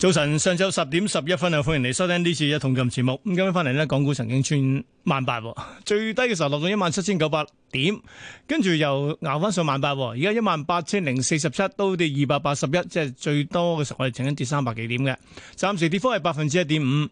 早晨，上晝十點十一分啊！歡迎你收聽呢次一同琴節目。咁今日翻嚟呢，港股曾經穿萬八，最低嘅時候落到一萬七千九百點，跟住又熬翻上萬八。而家一萬八千零四十七，都跌二百八十一，即係最多嘅時候我，我哋曾經跌三百幾點嘅。暫時跌幅係百分之一點五。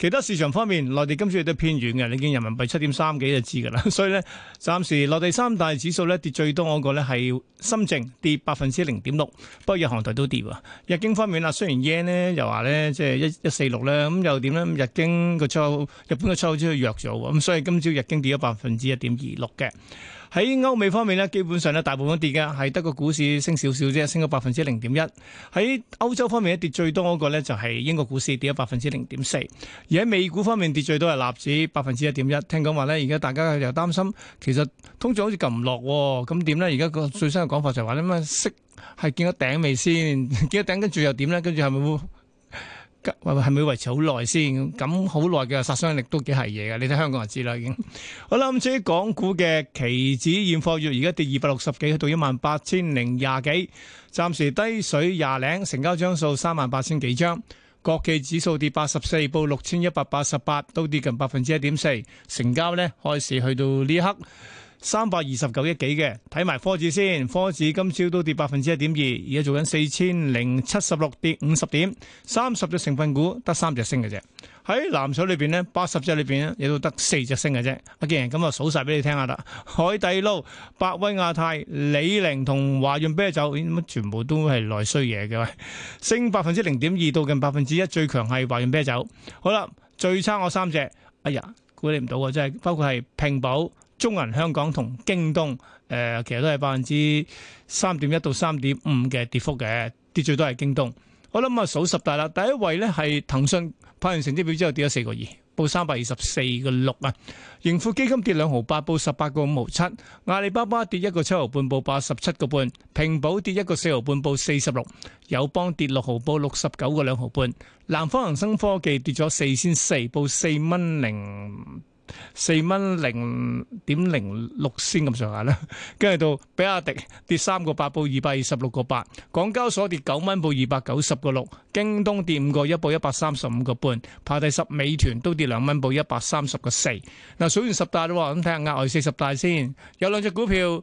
其他市場方面，內地今朝亦都偏軟嘅，你見人民幣七點三幾就知㗎啦。所以咧，暫時內地三大指數咧跌最多嗰個咧係深證跌百分之零點六，不過日韓台都跌啊。日經方面啊，雖然 yen 咧又話咧即係一一四六咧，咁又點咧？咁日經個出口，日本嘅出口先去弱咗，咁所以今朝日經跌咗百分之一點二六嘅。喺歐美方面咧，基本上咧大部分跌嘅，係得個股市升少少啫，升咗百分之零點一。喺歐洲方面咧，跌最多嗰個咧就係英國股市跌咗百分之零點四。而喺美股方面跌最多係納指百分之一點一。聽講話咧，而家大家又擔心，其實通脹好似撳唔落喎，咁點咧？而家個最新嘅講法就係、是、話，你乜息係見到頂未先？見到頂跟住又點咧？跟住係咪會？係咪要維持好耐先？咁好耐嘅殺傷力都幾係嘢嘅。你睇香港人知啦，已 經好啦。咁、嗯、至於港股嘅期指現貨月現18，而家跌二百六十幾，去到一萬八千零廿幾，暫時低水廿零，成交張數三萬八千幾張。國企指數跌八十四，報六千一百八十八，都跌近百分之一點四。成交呢開始去到呢一刻。三百二十九億幾嘅，睇埋科指先，科指今朝都跌百分之一點二，而家做緊四千零七十六跌五十點，三十隻成分股得三隻升嘅啫。喺藍籌裏邊呢，八十隻裏邊呢，亦都得四隻升嘅啫。阿健，咁啊數晒俾你聽下啦。海底撈、百威亞太、李寧同華潤啤酒，咦、哎、乜全部都係內需嘢嘅，升百分之零點二到近百分之一，最強係華潤啤酒。好啦，最差我三隻，哎呀，估你唔到啊，真係，包括係平保。中銀香港同京東，誒、呃、其實都係百分之三點一到三點五嘅跌幅嘅，跌最多係京東。我諗啊，數十大啦，第一位呢係騰訊，派完成績表之後跌咗四個二，報三百二十四個六啊。盈富基金跌兩毫八，報十八個五毫七。阿里巴巴跌一個七毫半，報八十七個半。平保跌一個四毫半，報四十六。友邦跌六毫，報六十九個兩毫半。南方恒生科技跌咗四仙四，報四蚊零。四蚊零點零六先咁上下啦，跟住到比亞迪跌三個八，報二百二十六個八；港交所跌九蚊，報二百九十個六；京東跌五個一，報一百三十五個半；排第十，美團都跌兩蚊，報一百三十個四。嗱，數完十大啦，咁睇下額外四十大先，有兩隻股票，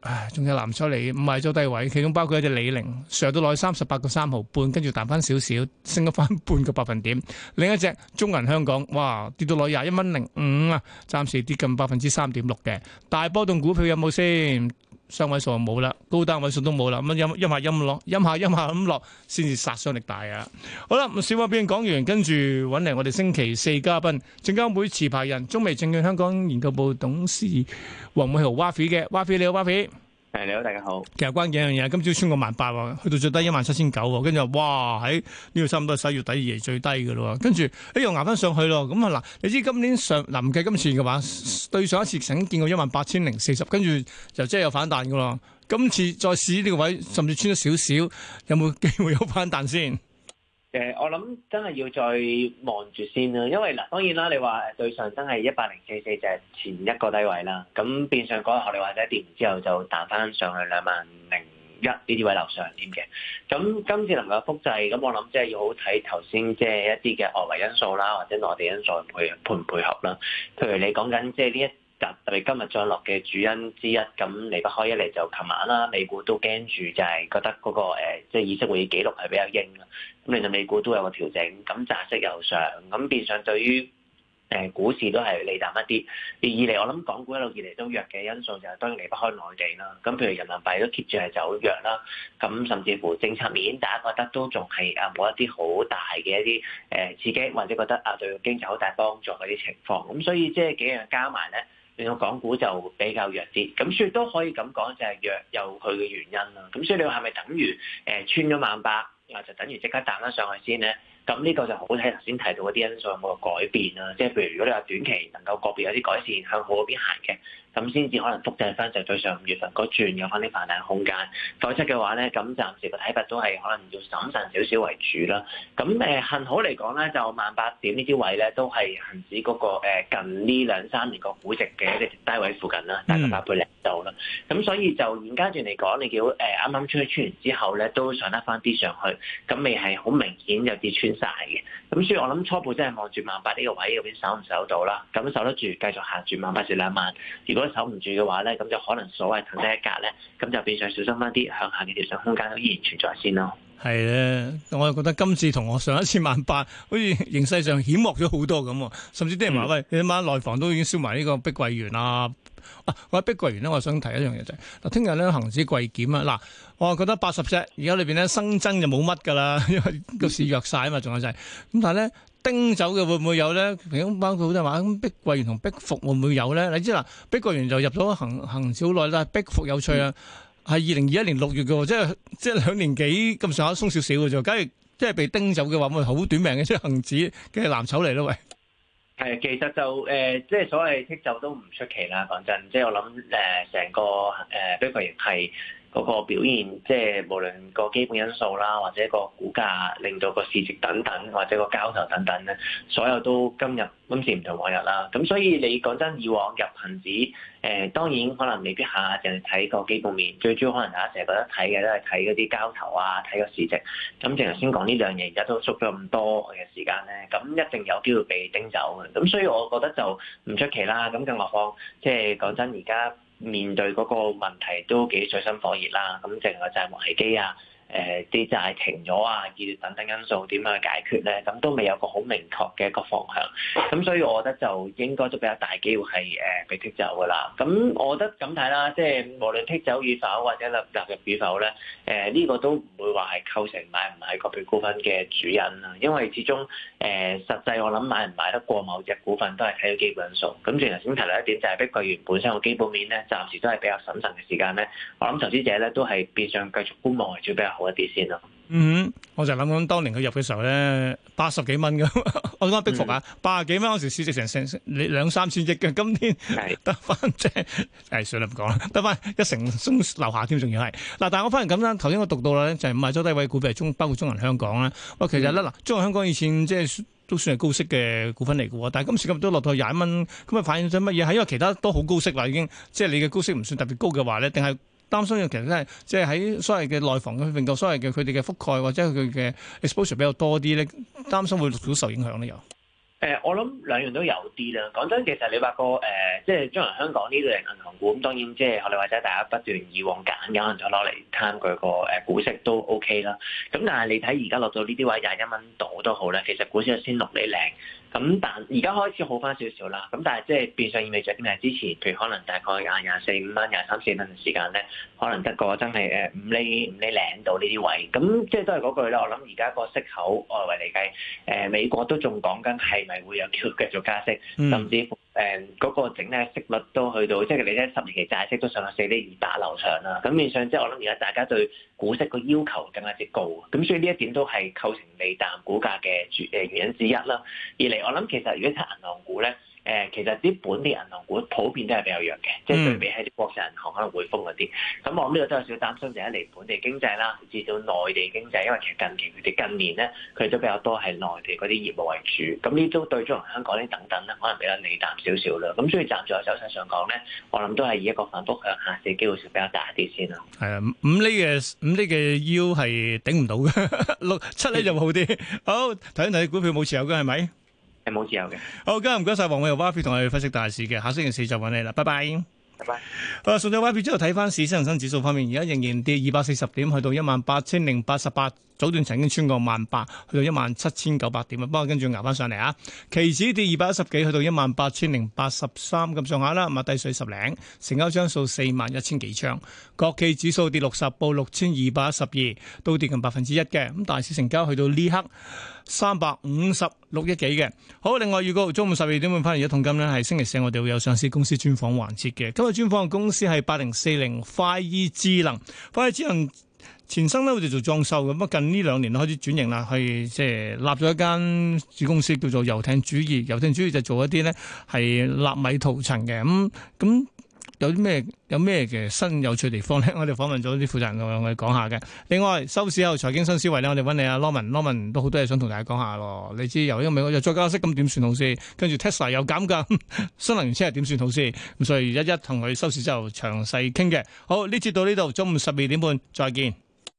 唉，仲有藍籌嚟，唔係做低位，其中包括一隻李寧，上到內三十八個三毫半，跟住彈翻少少，升一翻半個百分點。另一隻中銀香港，哇，跌到內廿一蚊零。嗯啊，暫時跌近百分之三點六嘅大波動股票有冇先？雙位數冇啦，高單位數都冇啦。咁陰陰下陰落，陰下陰下咁落，先至殺傷力大啊！好啦，咁小話變講完，跟住揾嚟我哋星期四嘉賓，證監會持牌人、中美證券香港研究部董事黃偉豪 Wafi 嘅，Wafi 你好，Wafi。誒，你好，大家好。其實關鍵一樣嘢，今朝穿過萬八喎，去到最低一萬七千九，跟住哇，喺、哎、呢、這個差唔多，十一月底以嚟最低嘅咯。跟住，哎又捱翻上去咯。咁啊嗱，你知今年上，嗱、啊、唔計今次嘅話，對上一次曾經見過一萬八千零四十，跟住就即係有反彈噶啦。今次再試呢個位，甚至穿咗少少，有冇機會有反彈先？誒、呃，我諗真係要再望住先啦，因為嗱，當然啦，你話對上真係一八零四四就係前一個低位啦，咁變相嗰日我哋話咧跌完之後就彈翻上去兩萬零一呢啲位樓上添嘅，咁今次能夠複製，咁我諗即係要好睇頭先即係一啲嘅外圍因素啦，或者內地因素配配唔配合啦，譬如你講緊即係呢一。特別今日再落嘅主因之一，咁離不開一嚟就琴晚啦，美股都驚住、那個呃，就係覺得嗰個誒即係議息會議記錄係比較鷹啦，咁令到美股都有個調整，咁債息又上，咁變相對於誒、呃、股市都係利淡一啲。二嚟我諗港股一路以嚟都弱嘅因素，就係當然離不開內地啦。咁譬如人民幣都 keep 住係走弱啦，咁甚至乎政策面，大家覺得都仲係啊冇一啲好大嘅一啲誒刺激，或者覺得啊對經濟好大幫助嗰啲情況。咁所以即係幾樣加埋咧。你個港股就比較弱啲，咁所以都可以咁講，就係、是、弱有佢嘅原因啦。咁所以你話係咪等於誒穿咗萬八，又就等於即刻彈得上去先咧？咁呢個就好睇頭先提到嗰啲因素有冇改變啦。即係譬如如果你話短期能夠個別有啲改善，向好嗰邊行嘅。咁先至可能複製翻，就對上五月份嗰轉有翻啲反彈空間。否則嘅話咧，咁暫時個睇法都係可能要審慎少少為主啦。咁 誒樂，幸好嚟講咧，就萬八點呢啲位咧，都係恒指嗰個近呢兩三年個估值嘅低位附近啦，大概八倍零度啦。咁所以就現階段嚟講，你叫誒啱啱穿穿完之後咧，都上得翻啲上去，咁未係好明顯有啲穿晒嘅。咁所以我諗初步真係望住萬八呢個位嗰邊守唔守到啦？咁守得住，繼續行住萬八至兩萬。如果守唔住嘅話，咧，咁就可能所謂騰低一格咧，咁就變相小心翻啲向下嘅調整空間，都依然存在先咯。係咧，我又覺得今次同我上一次萬八，好似形勢上險惡咗好多咁。甚至啲人話喂，你晚媽內房都已經燒埋呢個碧桂園啊！啊，講起碧桂園咧，我想提一樣嘢就係嗱，聽日咧恆指季檢啊！嗱，我覺得八十隻而家裏邊咧新增就冇乜噶啦，因為個市弱晒啊嘛，仲有就係咁，但係咧叮走嘅會唔會有咧？咁包括好多話，碧桂園同碧服會唔會有咧？你知啦，碧桂園就入咗恆，恆指好耐啦，碧服有趣啊！嗯係二零二一年六月嘅，即係即係兩年幾咁上下鬆少少嘅啫，假如即係被叮走嘅話，會好短命嘅隻恒指嘅藍籌嚟咯，喂。係，其實就誒，即係所謂剔走都唔出奇啦。講真，即係我諗誒，成個誒碧桂園係。嗰個表現，即係無論個基本因素啦，或者個股價，令到個市值等等，或者個交投等等咧，所有都今日今時唔同往日啦。咁所以你講真，以往入恆指，誒、呃、當然可能未必下下淨係睇個基本面，最主要可能大家成日覺得睇嘅都係睇嗰啲交投啊，睇個市值。咁正如先講呢兩樣嘢，而家都縮咗咁多嘅時間咧，咁一定有機會被掟走嘅。咁所以我覺得就唔出奇啦。咁更何況即係講真，而家。面對嗰個問題都幾水深火熱啦，咁淨係債務危機啊，誒啲債停咗啊，議題等等因素點樣去解決咧？咁都未有個好明確嘅一個方向，咁所以我覺得就應該都比較大機會係誒被剔走噶啦。咁我覺得咁睇啦，即係無論剔走與否或者納入與否咧，誒呢個都唔會話係構成買唔買個別股份嘅主因啦。因為始終誒實際我諗買唔買得過某隻股份都係睇到基本因素。咁之前先提到一點就係碧桂園本身個基本面咧，暫時都係比較審慎嘅時間咧。我諗投資者咧都係變相繼續觀望為主比較。講一啲先咯。嗯，我就諗諗當年佢入嘅時候咧，八十幾蚊嘅， 我諗我逼服啊！八十幾蚊嗰時市值成成，你兩三千億嘅，今天得翻即係誒，是 算啦唔講啦，得翻一成中樓下添，仲要係嗱。但係我反而咁啦，頭先我讀到咧，就係買咗低位股票，係中包括中銀香港啦。我其實咧嗱，嗯、中銀香港以前即係都算係高息嘅股份嚟嘅，但係今次今日都落到廿一蚊，咁啊反映咗乜嘢？係因為其他都好高息啦，已經即係你嘅高息唔算特別高嘅話咧，定係？擔心嘅其實真係，即係喺所謂嘅內房嘅變動，所謂嘅佢哋嘅覆蓋或者佢嘅 exposure 比較多啲咧，擔心會到受影響咧。又誒、呃，我諗兩樣都有啲啦。講真，其實你伯哥誒，即係將嚟香港呢類型銀行股，咁當然即係我哋或者大家不斷以往揀有可能就攞嚟攤佢個誒股息都 OK 啦。咁但係你睇而家落到呢啲位廿一蚊度都好咧，其實股息先六厘零。咁但而家開始好翻少少啦，咁但係即係變相意味著，因為之前譬如可能大概廿廿四五蚊、廿三四蚊嘅時間咧，可能得個真係誒五釐五釐領到呢啲位，咁即係都係嗰句啦。我諗而家個息口外圍嚟計，誒美國都仲講緊係咪會有繼續繼續加息，甚至乎。誒嗰、嗯那個整體息率都去到，即係你睇十年期債息都上咗四釐二百流場啦。咁變相即係我諗而家大家對股息個要求更加之高，咁所以呢一點都係構成利淡股價嘅誒原因之一啦。二嚟我諗其實如果睇銀行股咧，誒，其實啲本地銀行股普遍都係比較弱嘅，嗯、即係對比喺啲國際銀行可能會豐嗰啲。咁我呢度都有少擔心，就係嚟本地經濟啦，至到內地經濟，因為其實近期佢哋近年咧，佢哋都比較多係內地嗰啲業務為主。咁呢都對中嚟香港啲等等咧，可能比較理淡少少啦。咁所以暫時喺走勢上講咧，我諗都係以一個反覆向下嘅機會是比較大啲先啦。係啊，五呢嘅五呢嘅腰係頂唔到嘅，六七呢就好啲。 好，睇一睇股票冇持有嘅係咪？冇自由嘅。好，今日唔該晒黃偉豪 Y P 同我哋分析大市嘅。下星期四就揾你啦，拜拜。拜拜。啊，送咗 YP 之後，睇翻市，升恒生指數方面，而家仍然跌二百四十點，去到一萬八千零八十八。早段曾經穿過萬八，去到一萬七千九百點啊。不過跟住捱翻上嚟啊。期指跌二百一十幾，去到一萬八千零八十三咁上下啦。咪低水十零。成交張數四萬一千幾張。國企指數跌六十，報六千二百一十二，都跌近百分之一嘅。咁大市成交去到呢刻三百五十。六億幾嘅好，另外預告中午十二點半翻嚟一桶金咧，係星期四我哋會有上市公司專訪環節嘅。今日專訪嘅公司係八零四零快意智能。快意智能前身咧，我哋做裝修嘅，不過近呢兩年開始轉型啦，係即係立咗一間子公司叫做遊艇主義。遊艇主義就做一啲咧係納米塗層嘅咁咁。嗯有啲咩有咩嘅新有趣地方咧？我哋訪問咗啲負責人，我哋講下嘅。另外收市後財經新思維咧，我哋揾你阿 Lawman，Lawman 都好多嘢想同大家講下咯。你知由於美國又再加息，咁點算好先？跟住 Tesla 又減價， 新能源車又點算好先？咁所以一一同佢收市之後詳細傾嘅。好，呢節到呢度，中午十二點半再見。